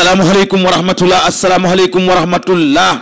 asalaamualeykum wa rahmatullah asalaamualeykum wa rahmatullah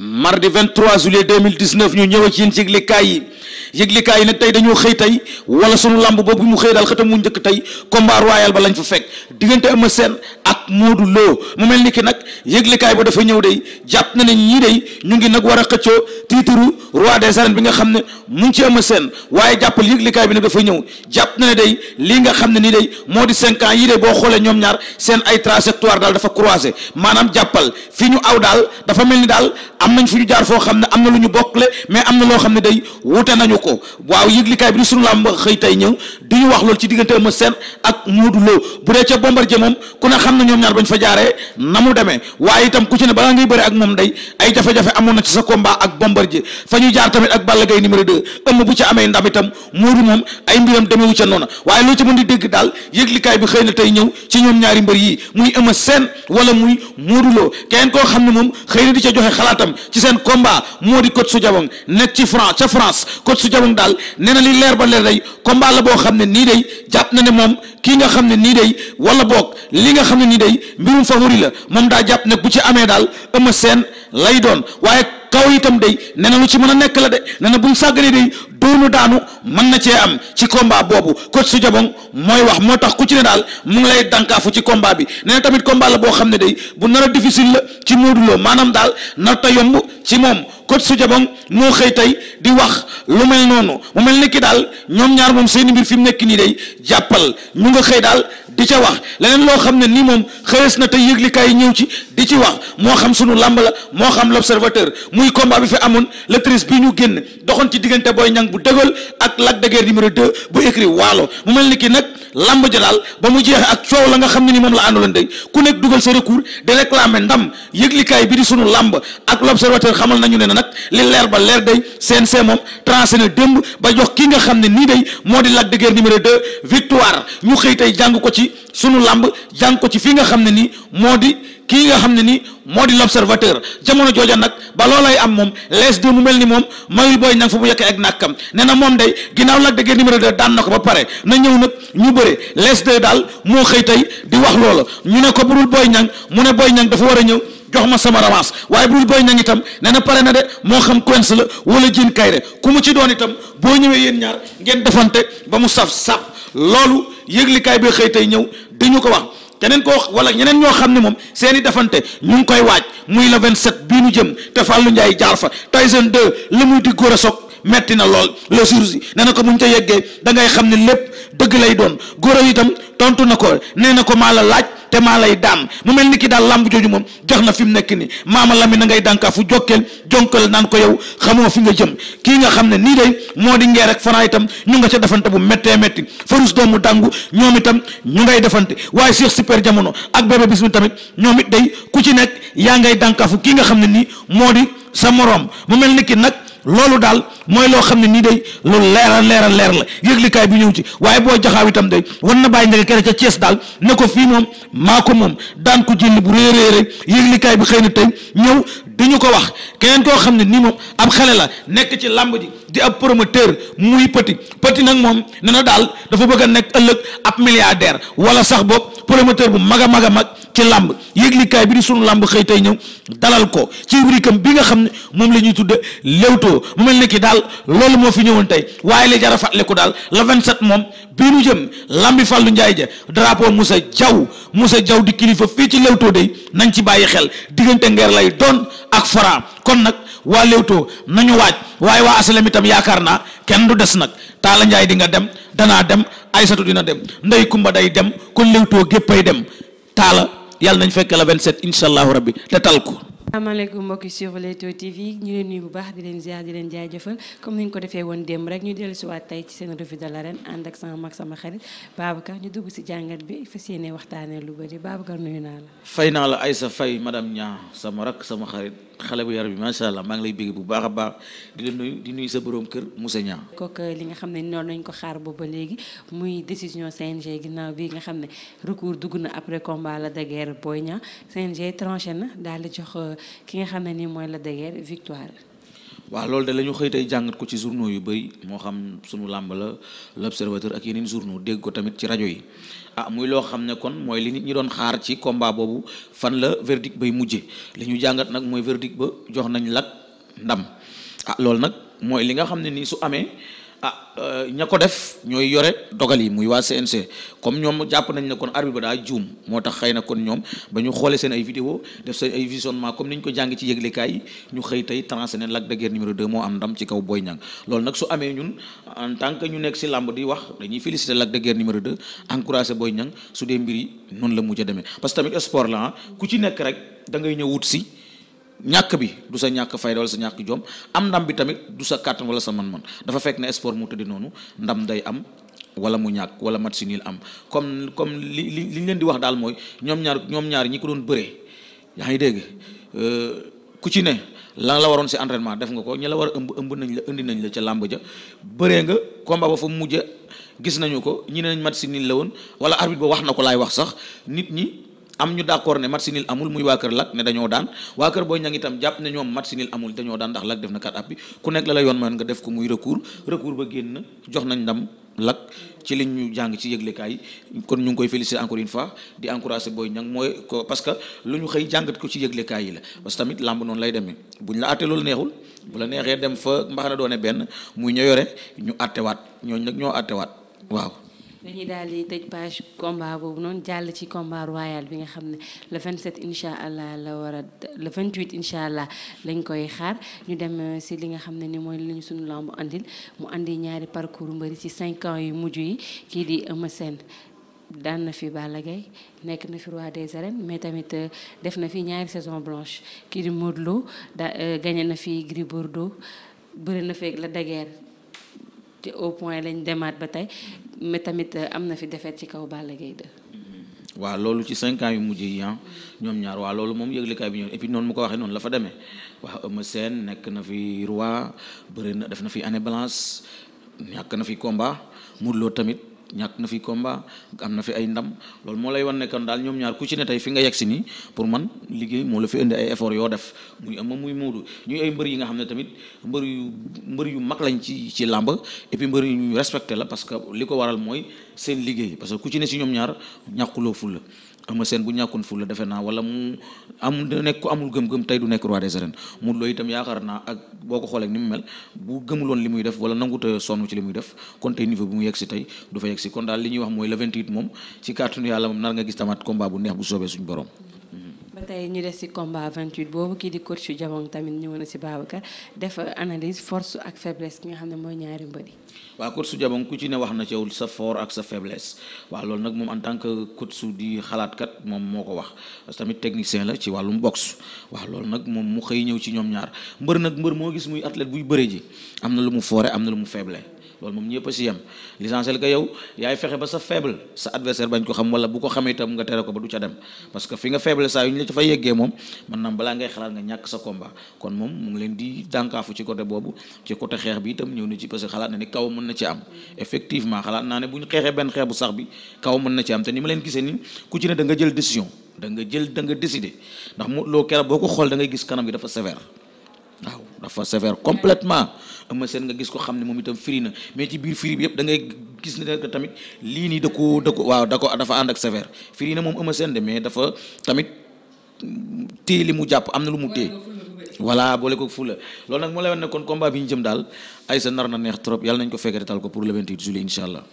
mardi 23 juillet 2019 ñu ñëw ci yéen ci yëglekaay yi yëglikaay yi nag tey dañoo xëy tey wala sunu lamb boobu mu xëy daal xëtam mu njëkk tey combat royal ba lañ fa fekk diggante Eumeu Sène ak Modou Lo mu mel ni ki nag yëglikaay ba dafa ñëw day jàpp na ne ñii day ñu ngi nag war a xëccoo tiituru roi des arènes bi nga xam ne mu ngi ci Eumeu Sène waaye jàppal yëglikaay bi nag dafa ñëw jàpp na ne day lii nga xam ne nii day moo di cinq ans yii day boo xoolee ñoom ñaar seen ay trajectoire daal dafa croisé maanaam jàppal fi ñu aw daal dafa mel ni daal am nañ fi ñu jaar foo xam ne am na lu ñu le mais am na loo xam ne day wuute nañu ko waaw yëglikaay bi di sunu làmb xëy tey ñëw di ñu wax loolu ci diggante Eumeu Sène ak Modou Lo bu dee ca Bombardier moom ku ne xam na ñoom ñaar bañ fa jaaree na mu demee waaye itam ku ci ne balaa ngay bëri ak moom day ay jafe-jafe amoon na ci sa combat ak Bombardier fa ñu jaar tamit ak Balla Gaye numéro 2 ëmb bu ci amee ndam itam Modou moom ay mbiram demewu ca noona waaye loo ci mën di dégg daal yëglikaay bi xëy na tey ñëw ci ñoom ñaari mbër yi muy Eumeu Sène wala muy Modou Lo keneen koo xam ne moom xëy na di ca joxe xalaatam ci seen combat moo di Côte su Jabong nekk ci France ca France coach su jabong daal nee na leer ba leer day combat la boo xam ne nii day jàpp na ne moom kii nga xam ne nii day wala boog li nga xam ne nii day mbirum favori la moom daa jàpp ne bu ci amee daal Eumeu seen lay doon waaye kaw itam day nee na lu ci mën a nekk la de nee na sàgganee sàggane day dóomu daanu mën na cee am ci combat boobu coach su jabong mooy wax moo tax ku ci ne daal mu ngi lay dànkaafu ci combat bi nee tamit combat la boo xam ne day bu nar a difficile la ci Modou Lo maanaam daal nar ta yomb ci moom coach su jabong moo xëy tey di wax lu mel noonu mu mel ni ki daal ñoom ñaar moom seeni mbir fi mu nekk nii day jàppal mu nga xëy daal di ca wax leneen loo xam ne nii moom xëres na te yëglikaay yi ñëw ci di ci wax moo xam sunu làmb la moo xam l'observateur muy combat bi fi amoon le treize bi ñu génn doxoon ci diggante booy ñang bu dëgal ak Lac de Guiers numéro 2 bu écrit waalo mu mel ni ki nag lamb ja daal ba mu jeex ak coow la nga xam ne ni moom la àndoon day ku nekk dugal sa recours di réclamer ndam yëglikaay bi di sunu lamb ak l'observateur xamal nañu ne nag li leer ba leer day CNG moom trancé na démb ba jox ki nga xam ne nii day moo di Lac de Guiers numéro de victoire ñu xëy tey jàng ko ci sunu lamb jàng ko ci fi nga xam ne nii moo di kii nga xam ne nii moo di l'observateur jamono jooja nag ba loolay am moom lees de mu mel ni moom mayul booy nag fu mu yekkee ak nàkkam nee na moom day ginnaaw Lac de Guiers numéro 2 na ko ba pare ñu bëre les deux daal moo xëy tey di wax loola ñu ne ko bu dul Boy Niang mu ne Boy Niang dafa war a ñëw jox ma sama revanche waaye bu dul Boy Niang itam nee na pare na de moo xam Quench la wala kay rek ku mu ci doon itam boo ñëwee yéen ñaar ngeen defante ba mu saf sap loolu yëglikaay bi xëy tey ñëw di ñu ko wax keneen koo wala ñeneen ñoo xam ne moom seeni defante ñu ngi koy waaj muy le 27 bii nu jëm te Fallou Ndiaye jaar fa Tyson 2 la muy di góor a soog metti na lool le jour bi na ko bu ñu ca yeggee da ngay xam ne lépp. dëgg lay doon góor itam tontu na ko nee na ko maa la laaj te maa lay daam mu mel ni ki daal làmb jooju moom jox na fi mu nekk nii maama Lamine na ngay dànkaafu jokkeel jonkal naan ko yow xamoo fi nga jëm kii nga xam ne nii day moo di ngeer ak Franc itam ñu nga ca defante bu méttee métti farus doomu dàngu ñoom itam ñu ngay defante waaye Cheikh super jamono ak bébé bis mi tamit ñoom it day ku ci nekk yaa ngay dànkaafu kii nga xam ne nii moo di sa moroom mu mel ni ki nag loolu daal mooy loo xam ne nii day loolu leeral leeral leer la yëglikaay bi ñëw ci waaye boo jaxaaw itam day wan na bàyyi ndeke kere ca Thiès daal ne ko fii moom maa ko moom daan ko jënd bu rëy rëy rek yëglikaay bi xëy na tey ñëw du ñu ko wax keneen koo xam ne nii moom ab xale la nekk ci làmb ji di ab promoteur muy petit petit nag moom ne na daal dafa bëgg a nekk ëllëg ab milliardaire wala sax bopp promoteur bu mag a mag a mag ci làmb yëglikaay bi di sunu làmb xëy tey ñëw dalal ko ci rubrique bi nga xam ne moom la ñuy tudde Leewtoo mu mel ne ki daal loolu moo fi ñëwoon tey waaye la jara fàttaliku daal le 27 moom bii nu jëm lambi fàllu njaay ja drapeau Moussa Diaw Moussa Diaw di kilifa fii ci Leewtoo day nañ ci bàyyi xel diggante ngeer lay doon ak Fara kon nag waa Leewtoo nañu waaj waaye waa asalem itam yaakaar naa kenn du des nag Taala Njaay di nga dem danaa dem ay Aysatu dina dem Ndey Kumba day dem kon Leewtoo géppay dem Taala yàlla nañ fekk la 27 incha allahu rabbi te tal ko asalaamaaleykum mbokk yi sur Leewtoo TV ñu leen nuyu bu baax di leen ziar di leen jaajëfal comme ni ñu ko defee woon démb rek ñu dellu si waat tey ci seen revue de l'arène ànd ak sama mag sama xarit Babacar ñu dugg si jàngat bi fas yéene waxtaanee lu bëri Babacar nuyu naa la. fay naa la ay Aïssa Faye madame Niang sama rak sama xarit xale bu yar bi macha allah maa ngi lay bégg bu baax a baax di leen nuyu di nuyu sa borom kër Moussa Niang. kooku li nga xam ne noonu lañ ko xaar booba léegi muy décision CNG ginnaaw bi nga xam ne recours dugg na après combat la de guerre Boy Niang CNG na daal ki nga xam ne nii mooy Lac de Guiers victoire. waaw loolu de la ñu xëy jàngat ko ci journaux yu bëri moo xam sunu làmb la l'observateur ak yeneen journaux dégg ko tamit ci rajo yi ah muy loo xam ne kon mooy li nit ñi doon xaar ci combat boobu fan la verdict bay mujje li ñu jàngat nag mooy verdict ba jox nañ Lac ndam ah loolu nag. mooy li nga xam ne nii su amee ah euh, ña ko def ñooy yore dogal yi muy waa CNC comme ñoom jàpp nañ ne kon arbitre ba daa juum moo tax xëy na kon ñoom ba ñu xoolee seen ay vidéo def seen ay visionnement comme ni ñu ko jàng ci yëglekaay yi ñu xëy tey transé ne Lac de Guiers numéro 2 moo am ndam ci kaw booy Niang loolu nag su amee ñun en tant que ñu nekk si làmb di wax dañuy féliciter Lac de Guiers numéro de encourager booy Niang su dee mbir yi noonu la mujj a demee parce que tamit sport la ah, ku ci nekk rek da ngay ñëw si. ñàkk bi du sa ñàkk fayda wala sa ñàkk jom am ndam bi tamit du sa kàttan wala sa man man dafa fekk ne sport mu tëddi noonu ndam day am wala mu ñàkk wala match nul am comme comme li li li leen di wax daal mooy ñoom ñaar ñoom ñaar ñi ko doon bëree yaa ngi dégg euh, ku ci ne lan la waroon si entraînement def nga ko ñi la war a ëmb ëmb nañ la indi nañ la ca làmb ja bëree nga combat ba fa mujj gis nañu ko ñi ne nañ match nul la woon wala arbitre ba wax na ko laay wax sax nit ñi. am ñu d'accord ne match nul amul muy waa kër Lac ne dañoo daan waa kër Boy Niang itam jàpp ne ñoom match nul amul dañoo daan ndax Lac def na kat ab bi ku nekk la la yoon man nga def ko muy recours recours ba génn jox nañ ndam Lac ci li ñu jàng ci yëglekaay kon ñu ngi koy féliciter encore une fois di encourager Boy Niang mooy ko parce que lu ñu xëy jàngat ko ci yëglekaay yi la parce que tamit làmb noonu lay demee buñ la àtte loolu neexul bu la neexee dem fa mbaxana doone benn muy ño yore ñu àttewaat ñooñu nag ñoo waat waaw dañuy daal di tëj page combat boobu noonu jàll ci combat royal bi nga xam ne vingt 27 incha allah la war a le 28 incha allah lañ koy xaar ñu dem euh, si li nga xam ne ni mooy lañu suñu lamb andil mu andi ñaari parcours mbëri ci 5 ans yu mujj yi kii di Eumeu Sène daan na fi Balla nekk na fi roi des arènes mais tamit euh, def na fi ñaari saison blanche kii di Modou Lo da euh, gagné na fi Gris Bordeaux bëri na feeg la daguère te au point lañ demaat ba tey mais euh, am na fi défaite ci kaw Balla Gaye 2. waaw loolu ci cinq ans yu mujj yi ah ñoom ñaar waaw loolu moom yëglekaay bi ñoom et noonu mu ko waxee noonu la fa demee waaw Eumeu seen nekk na fi roi bëri na def na fi année balance ñàkk na fi komba Modou Lo tamit. ñàkk na fi combat am na fi ay ndam loolu moo lay wan ne kon daal ñoom ñaar ku ci ne tey fi nga yegg si nii pour man liggéey moo la fi indi ay effort yoo def muy ama muy muudu ñuy ay mbër yi nga xam ne tamit mbër yu mbër yu mag lañ ci ci làmb et mbër yu ñu respecté la parce que li ko waral mooy seen liggéey parce que ku ci ne si ñoom ñaar ñàkkuloo ful la ama seen bu ñàkkoon fu la defe naa wala mu am nekk ku amul gëm-gëm tey du nekk roi des arènes mu loolu itam yaakaar naa ak boo ko xoolee ni mu mel bu gëmuloon li muy def wala nanguta sonn ci li muy def kon tey niveau bi mu yegg tey du fa yegg kon daal li ñuy wax mooy le 28 moom ci kàttanu yàlla moom nar nga gis tamaat combat bu neex bu soobee suñu borom tey ñu des si combat 28 boobu kii di coach Diamond tamit ñëwoon na si ka defa analyse force ak faiblesse ki nga xam ne mooy ñaari mbëri. waaw coach Diamond ku ci ne wax na ci sa fort ak sa faiblesse waaw loolu nag moom en tant que coach di kat moom moo ko wax parce que tamit technicien la ci wàllum boxe waaw loolu nag moom mu xëy ñëw ci ñoom ñaar mbër nag mbër moo gis muy athlète buy bëre ji am na lu mu foore am na lu mu faible. loolu moom ñëpp a si yem l'essentiel que yaay fexe ba sa faible sa adversaire bañ ko xam wala bu ko xamee itam nga tere ko ba du ca dem parce que fi nga faible saa yu ñu la ca fa yeggee moom man naam balaa ngay xalaat nga ñàkk sa combat kon moom mu ngi leen di dànkaafu ci côté boobu ci côté xeex bi itam ñëw na ci parce que xalaat na ni kaw mën na ci am effectivement xalaat naa ne bu ñu xeexee benn xeex bu sax bi kaw mën na ci am te ni ma leen gisee ni ku ci da nga jël décision da nga jël da nga décider ndax Modou Lo keroog xool da ngay gis kanam gi dafa sévère dafa sévère complètement Eumeu seen nga gis ko xam ne moom itam firi na mais ci biir firi bi yëpp da gis ne que tamit lii nii da ko da ko dafa ànd ak sévère firi na moom Eumeu Sène de mais dafa tamit téye li mu jàpp am na lu mu téye voilà boole ko fula loolu nag moo lay wan ne kon bi ñu jëm daal ay sa nar neex trop yàlla nañ ko fekk tal ko pour le 28 juillet incha allah.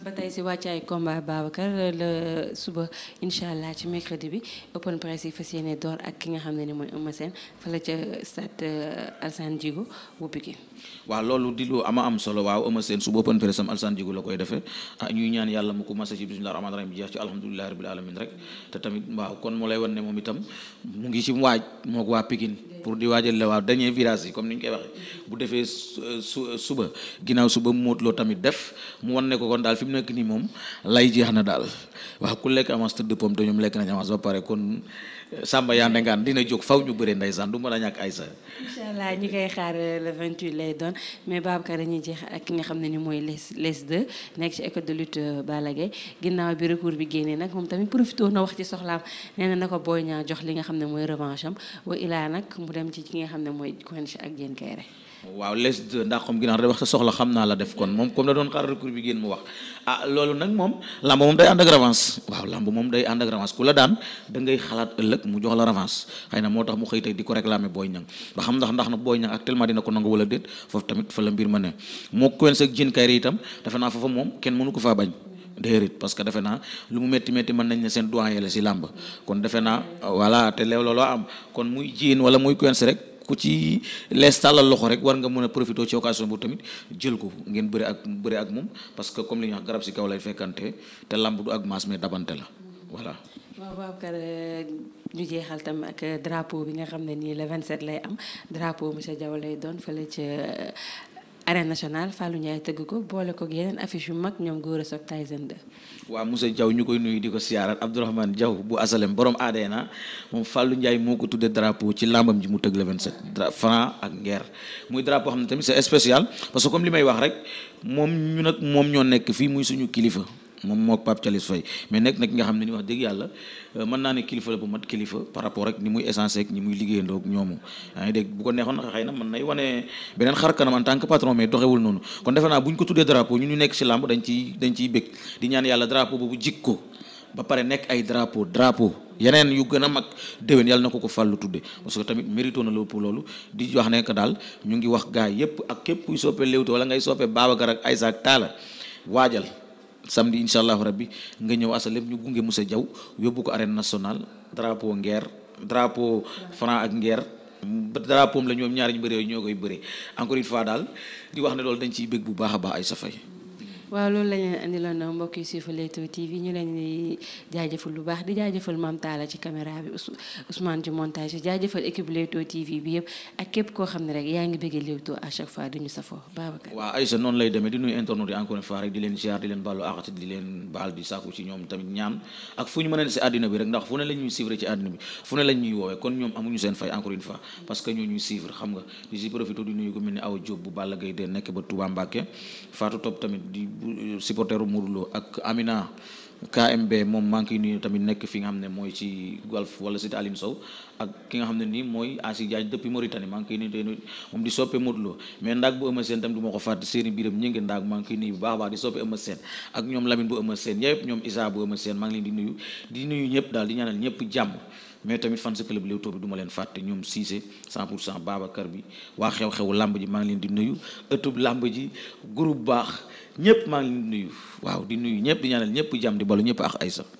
ba tey si wàccaay combat Babacar la suba incha allah ci mercredi bi open press yi fas yéene door ak ki nga xam ne ni mooy Eumeu Sène fala ca stade euh, Alassane Djigo bu Pikine waaw loolu di lu ama am solo waaw Eumeu Sène suba open press am Alassane Djigo la koy defee ah ñuy ñaan yàlla mu commencé ci bismillah rahmaan rahim bi jeex ci alhamdulilahi rabbil alamin rek te tamit waaw kon moo lay wan ne moom itam mu ngi ci waaj moog waa Pikine pour di waajal la waaw dernier virage yi comme ni ñu koy waxee bu defee su euh, euh, suba ginnaaw suba Modou mootloo tamit def mu wan ne ko kon daal fi mu nekk nii moom lay jeex na daal waaw ku lekk avance tëdd pomme te ñoom lekk nañ avance ba pare kon Samba yaa ndengaan dina jóg faw ñu bëre ndeysaan du mën a ñàkk ay sa incha allah ñi koy xaar euh, le lay doon mais Babacar dañuy jeex ak ki nga xam ne ni mooy les les de nekk ci école de lutte euh, Balla Gaye ginnaaw bi recours bi génnee nag moom tamit profité na wax ci soxlaam nee na ko Boy Niang jox li nga xam ne mooy revanche am wa ilaa nag mu dem ci ki nga xam ne mooy Quench ak Diène Kairé waaw les deux ndax comme ginnaaw rek wax sa soxla xam naa la def kon moom comme la doon xaar recours bi génn mu wax ah loolu nag moom lamb moom day ànd ak revanche waaw lamb moom day ànd ak ku la daan da ngay xalaat ëllëg mu jox la revanche xëy na moo tax mu xëy tey di ko réclamer Boy Niang ba xam ndax ndax na Boy Niang actuellement dina ko nangu wala déet foofu tamit fa la mbir ma ne moo ko sa jin kayri itam defe naa foofa moom kenn mënu ko faa bañ parce que defe naa lu mu métti métti mën nañ ne seen doyen la si làmb kon defe naa voilà te looloo am kon muy jiin wala muy coince rek ku ci lees tàllal loxo rek war nga mën a profité ci occasion boobu tamit jël ko ngeen bëri ak bëri ak moom parce que comme li ñuy garab si kaw lay fekkante te lamb du ak maas mais dabante la voilà. waaw Babacar euh, ñu jeexal tam ak drapeau bi nga xam ne nii le lay am drapeau monsieur Diaw lay doon fële ca. arène nationale Fallou Ndiaye tëgg ko boole ko yeneen affiche yu mag ñoom Gora Sock Tyson 2 waaw Moussa Diaw ñu koy nuyu di ko siyaarat Abdourahmane Diaw bu asalem borom ADN moom Fallou Ndiaye moo ko tuddee drapeau ci lambam ji mu tëgg le 27 franc ak ngeer muy drapo xam ne tamit c'est spécial parce que comme li may wax rek moom ñu nag moom ñoo nekk fii muy suñu kilifa moom moo Pape Thialis Faye mais nekk nag nga xam ne ni wax dëgg yàlla euh, mën naa ne kilifa la bu mat kilifa par rapport rek ni muy essence ak ni muy liggéeyandoog ñoomu yaa ngi dégg bu ko neexoon xëy na mën nay wane beneen xar kanam en tant que patron mais doxewul noonu kon defe naa bu ñu ko tuddee drapeau ñun ñu nekk si làmb dañ ciy dañ bëgg di ñaan yàlla drapeau boobu jik ko ba pare nekk ay drapeau drapeau yeneen yu gën a mag déwén yàlla na ko ko fàllu tudde parce que tamit mérito na lépp loolu di wax nekk daal ñu ngi wax gaay yépp ak képp kuy soppe Leewtoo wala ngay soppe Babacar ak Aïssa ak Talla waajal samedi incha allahu rabbi nga ñëw asalem ñu gunge Moussa jaw yóbbu ko arène national drapeau ngeer drapeau franc ak ngeer drapeau la ñoom ñaari ñu bëree ñoo koy bëree encore une fois daal di wax ne loolu dañ ciy bég bu baax a baax ay safay waaw loolu la ñu andi loon mbokk yi suivi TV ñu leen di jaajëfal lu baax di jaajëfal Mame Talla ci caméra bi Ousmane ci montage bi jaajëfal équipe Leewtoo TV bi yëpp ak képp koo xam ne rek yaa ngi bëggee Leewtoo à chaque fois duñu safoo Babacar waaw Aïssa noonu lay demee di fois di leen ziar di leen baalu àqati di leen baal di sàkku ci ñoom tamit ñaan ak fu ñu mën a si àddina bi rek ndax fu ne la ñuy ci àddina bi fu ne lañ woowee kon ñoom amuñu seen que ñoo ñuy suivre xam nga di si profité di nuyu ko mel ni aw Diop bu Balla Gaye de supporteru Modou Lo ak Amina KMB moom maa ngi nuyu tamit nekk fi nga xam ne mooy ci Golf wala Cité Aline Sow ak ki nga xam ne nii mooy Asi Diagne depuis Mauritanie maa ngi nuyu moom di soppe Modou mais ndaag bu Eumeu Sène tamit du ma ko fàtte seeni biram ñi ngi ndaag maa ngi nuyu bu baax baax di soppe Eumeu Sène ak ñoom Lamine bu Eumeu Sène yëpp ñoom Isa bu Eumeu Sène maa ngi leen di nuyu di nuyu ñëpp daal di ñaanal ñëpp jàmm mais tamit fans club Leewtoo bi du ma leen fàtte ñoom Cissé 100 pour cent Babacar bi waa xew xew làmb ji maa ngi leen di nuyu ëttub làmb ji groupe baax ñëpp maa ngi leen di nuyu waaw di nuyu ñëpp di ñaanal ñëpp jàmm di balu ñëpp ak ay sax